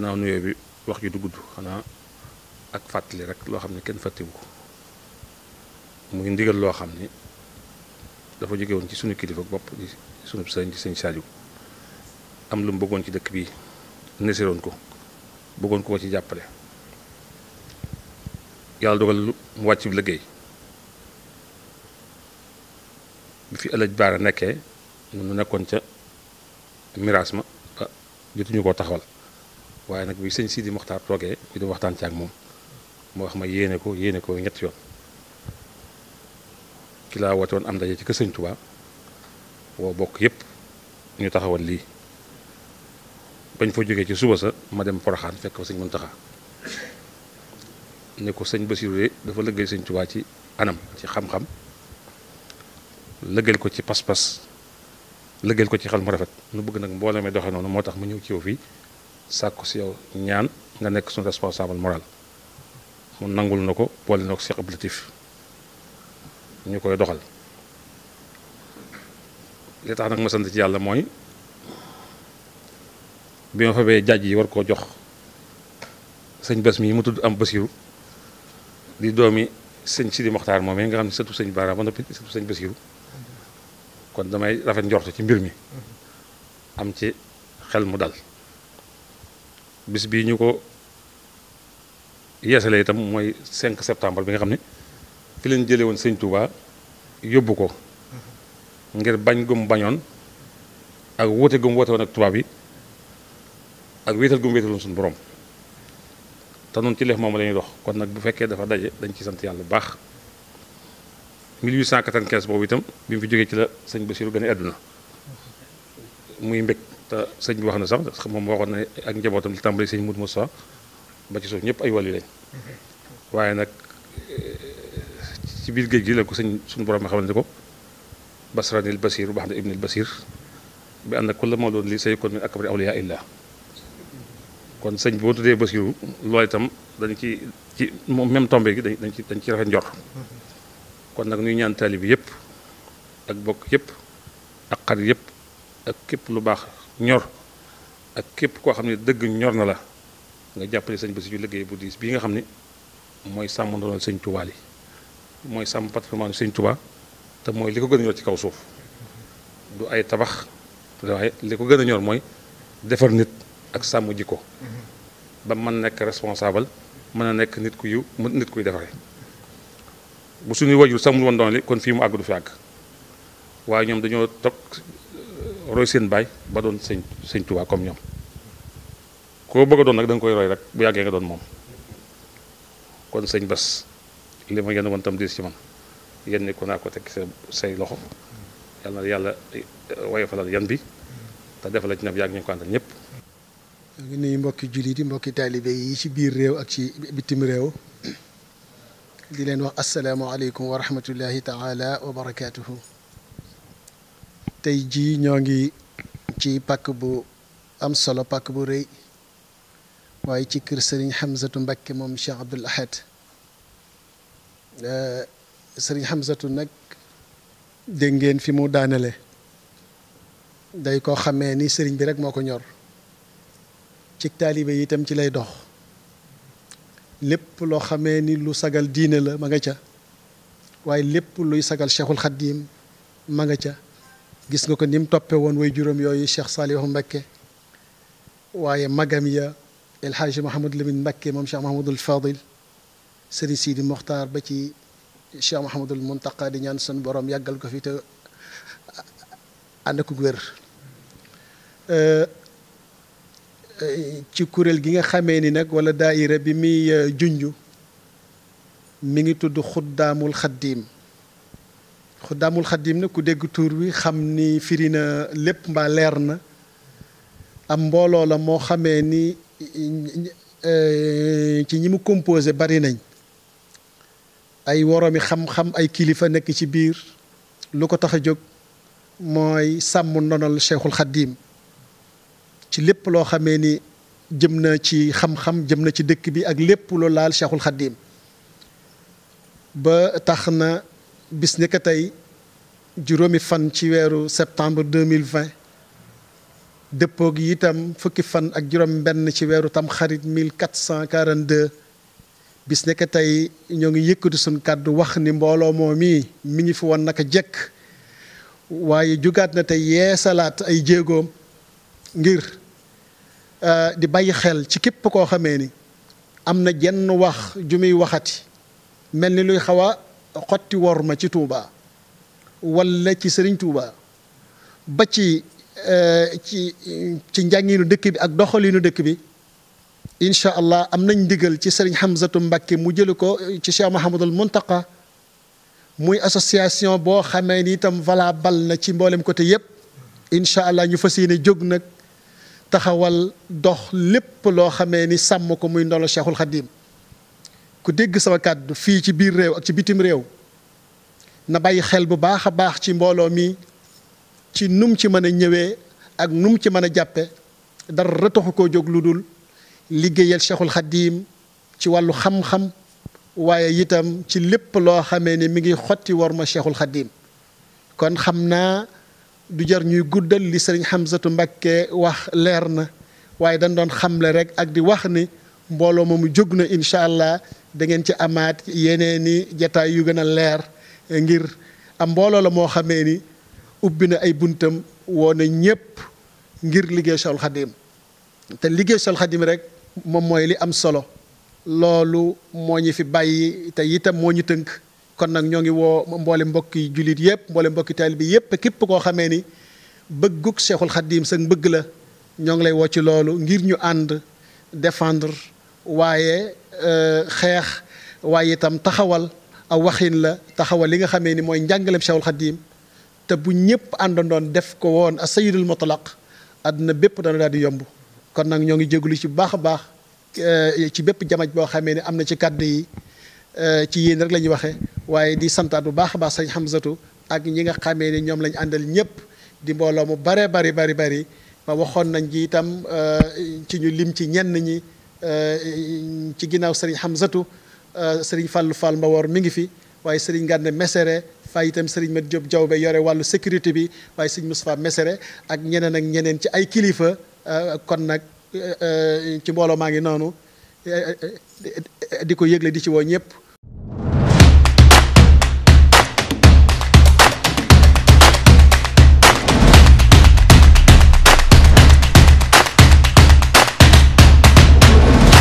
gannaaw nuyoo bi wax ji du gudd xanaa ak fàttali rek loo xam ne kenn fàttewu ko ngi ndigal loo xam ni dafa jóge woon ci sunu kilifa bopp di sunu sëñ di sëñ Saaliw am lu mu bëggoon ci dëkk bi nesiroon ko bëggoon ko ko ci jàppale yàlla dogal mu wàcc bi liggéey bi fi Alaaji Baara nekkee nu nekkoon ca miraas ma ba jotuñu koo taxawal waaye nag bi sëñ Sidi Moxtaar toogee ñu di waxtaan ci ak moom moo wax ma yéene ko yéene ko ñetti yoon ci laa woote woon am ndaje ci kër sëñ Touba woo bokk yëpp ñu taxawal lii bañ foo jógee ci suba sa ma dem Poroxaan fekk fa sëñ Muntaxa ne ko sëñ Basiru de dafa lëggéey sëñ Touba ci anam ci xam-xam lëggeel ko ci pas-pas lëggeel ko ci xel mu rafet nu bëgg nag mbooloo mi doxe noonu moo tax mu ñëw ci yow fii sàkku si yow ñaan nga nekk suñu responsable moral mu nangul na ko li na ko Cheikh Abdou ñu koy doxal li tax nag ma sant ci yàlla mooy bi ma fa bee jàjj yi war koo jox sëñ bés mi mu tudd am basiru di doomi sëñ Sidi Moxtaar moom nga xam ne sëtu sëñ Baara ba noppi sëtu sëñ basiru kon damay rafet njorto ci mbir mi am ci xel mu dal bis bii ñu ko yeesale itam mooy 5 septembre bi nga xam ne fi leen jëlee woon sëñ Touba yóbbu ko ngir bañ gum bañoon ak woote gum woote woon ak tubaab yi ak wéetal gum wéetaloon suñu borom te noonu ci leef moom la ñuy dox kon nag bu fekkee dafa daje dañ ci sant yàlla bu baax 1895 boobu itam bi mu fi jógee ci la sëñ Bassirou gane àdduna muy mbég te sëñ bi wax na sax moom waxoon na ak njabootam li tàmbali sëñ Moudou Moussa ba ci suuf ñëpp ay wàllu lañ waaye nag ci biir géej gi la ko sëñ suñu borom xamal ne ko basranil basir bu baax na ibnil basir bi ànd la moo doon li say kon min akbari awliya illah kon sëñ boo tuddee basiru loolu dañ ci ci même tombé gi dañ ci dañ ci rafet njor kon nag ñuy ñaan taalibe bi yëpp ak bokk yëpp ak xarit yëpp ak képp lu baax ñor ak képp koo xam ne dëgg ñor na la nga jàppale sëñ bi si liggéey bu diis bii nga xam ne mooy sàmm ndono sëñ Tuubaa yi mooy sàmm patrimoine sëñ Tuubaa te mooy li ko gën a ñor ci kaw suuf du ay tabax waaye li ko gën a ñor mooy defar nit ak sàmm jikko ba mën nekk responsable mën a nekk nit ku yiw nit kuy defaree bu suñuy wajur sàmmul woon li kon fii mu àgg du fi àgg waaye ñoom dañoo topp roy seen baay ba doon sëñ sëñ Tuubaa comme ñoom koo bëgg doon nag da koy roy rek bu yàggee nga doon moom kon sëñ Bas li ma yenn woon tam diis ci man yenn ko naa ko teg sa say loxo yàlla na yàlla eh, woyofalal yan bi te defal la ci nag yàgg ñu ko àndal ñëpp. ñu ngi nuyu mbokki jullit yi mbokki taalibe yi ci biir réew ak ci bitim réew di leen wax asalaamaaleykum wa rahmatullahi taala wa barakaatuhu. tey jii ñoo ngi ci pàkk bu am solo pàkk bu rëy waaye ci kër sëriñ Hamzatu Mbakke moom Cheikh Abdoul Ahad eh, sëriñ Hamzatu nag dégg ngeen fi mu daanale day koo xamee ni sëriñ bi rek moo ko ñor ci taalibe yi itam ci lay dox lépp loo xamee ni lu sagal diine la ma nga ca waaye lépp luy sagal Cheikhul Xaddim ma nga ca gis nga ko ni mu toppe woon way juróom yooyu Cheikh Saliou Mbacké waaye magam ya El Hadji Mahamadou Lamine Mbacké moom Cheikh Mahamadul Fadil Serigne Sidi Mokhtar ba ci Cheikh Mahamadul Muntaqa di ñaan sun borom yàggal ko fi te ànd ak wér euh, ci kuréel gi nga xamee ni nag wala daaira bi muy euh, junju mi ngi tudd xuddaamul xaddiim xuddaamul xaddim na ku dégg tuur wi xam ni firi na lépp mbaa leer na am mbooloo la moo xame ni eh, ci ñi mu composé bari nañ ay woroomi xam-xam ay kilifa nekk ci biir lu ko tax a jóg mooy sàmm ndonal cheikhul xaddim ci lépp loo xamee ni jëm na ci xam-xam jëm na ci dëkk bi ak lépp lu laal cheikhul xaddim ba tax na bis ni ko tey juróomi fan ci weeru septembre deux mille vingt dëppoo gi itam fukki fan ak juróom benn ci weeru tam xarit mille quatre cent quarante deux bis ne que tey ñoo ngi yëkkati suñ kàddu wax ni mbooloo moo mii mi ngi fi woon naka jekk waaye jugaat na tey salaat ay jéegoom ngir euh, di bàyyi xel ci képp koo xamee ni am na jenn wax ju muy waxati mel ni luy xawa xotti wor ma ci Touba wala ci Serigne Touba ba ci eh, ci ci njànginu dëkk bi ak doxalinu dëkk bi incha allah am nañ ndigal ci Serigne Hamzatu Mbacke mu jële ko eh, ci Cheikh Mahamadul Muntaqa muy association boo xamee ni itam bal na ci mboolem côté yépp incha allah ñu fas yéene jóg nag taxawal dox lépp loo xamee ni sàmm ko muy ndolo Cheikhul Khadim ku dégg sama kàddu fii ci biir réew ak ci bitim réew na bàyyi xel bu baax a baax ci mbooloo mi ci num ci mën a ñëwee ak num ci mën a jàppe dara taxu koo jóg lu dul liggéeyal Cheikhul Xadim ci wàllu xam-xam waaye itam ci lépp loo xamee ni mi ngi xotti war ma Cheikhul Xadim kon xam naa du jar ñuy guddal li xam satu Mbakke wax leer na waaye dañ doon xamle rek ak di wax ni mbooloo moomu jóg na incha allah da ngeen ci amaat yeneen i jataay yu gën a leer ngir am mbooloo la moo xamee ni ubbi na ay buntam woo na ñépp ngir liggéey sol xadim te liggéey sol xadim rek moom mooy li am solo loolu moo ñu fi bàyyi te itam moo ñu tënk kon nag ñoo ngi woo mboole mbokki jullit yépp mboole mbokki taalibe bi yépp képp koo xamee ni bëggug Cheikhul Xadim sa mbëgg la ñoo ngi lay woo loolu ngir ñu ànd defendre waaye euh, xeex waaye itam taxawal aw waxin la taxawal li nga xamee ni mooy njàngaleem Cheikhul Xadim te bu ñëpp àndandoon def ko woon a sayidul mutlaq àdduna bépp dana daal di yomb kon nag ñoo ngi jégalu ci bu baax a baax euh, ci bépp jamaj boo xamee ni am na ci kàddu yi euh, ci yéen rek la ñuy waxee waaye di santaat bu baax a baax sëñ Hamzatu ak ñi nga xamee ni ñoom lañ àndal ñëpp di mbooloo mu bare bari bari bari ba waxoon nañ ji itam ci ñu lim ci ñenn ñi Euh, ci ginnaaw sëriñ Hamzatu euh, sëriñ Fallou Fall Mbawor mi ngi fi waaye sëriñ Ngane messere fay itam sëriñ Mat Diop Diawbe yore wàllu sécurité bi waaye sëriñ Moustapha messere ak ñeneen ak ñeneen ci ay kilifa euh, kon nag ci mbooloo maa ngi noonu di ko yëgle di ci woo ñëpp.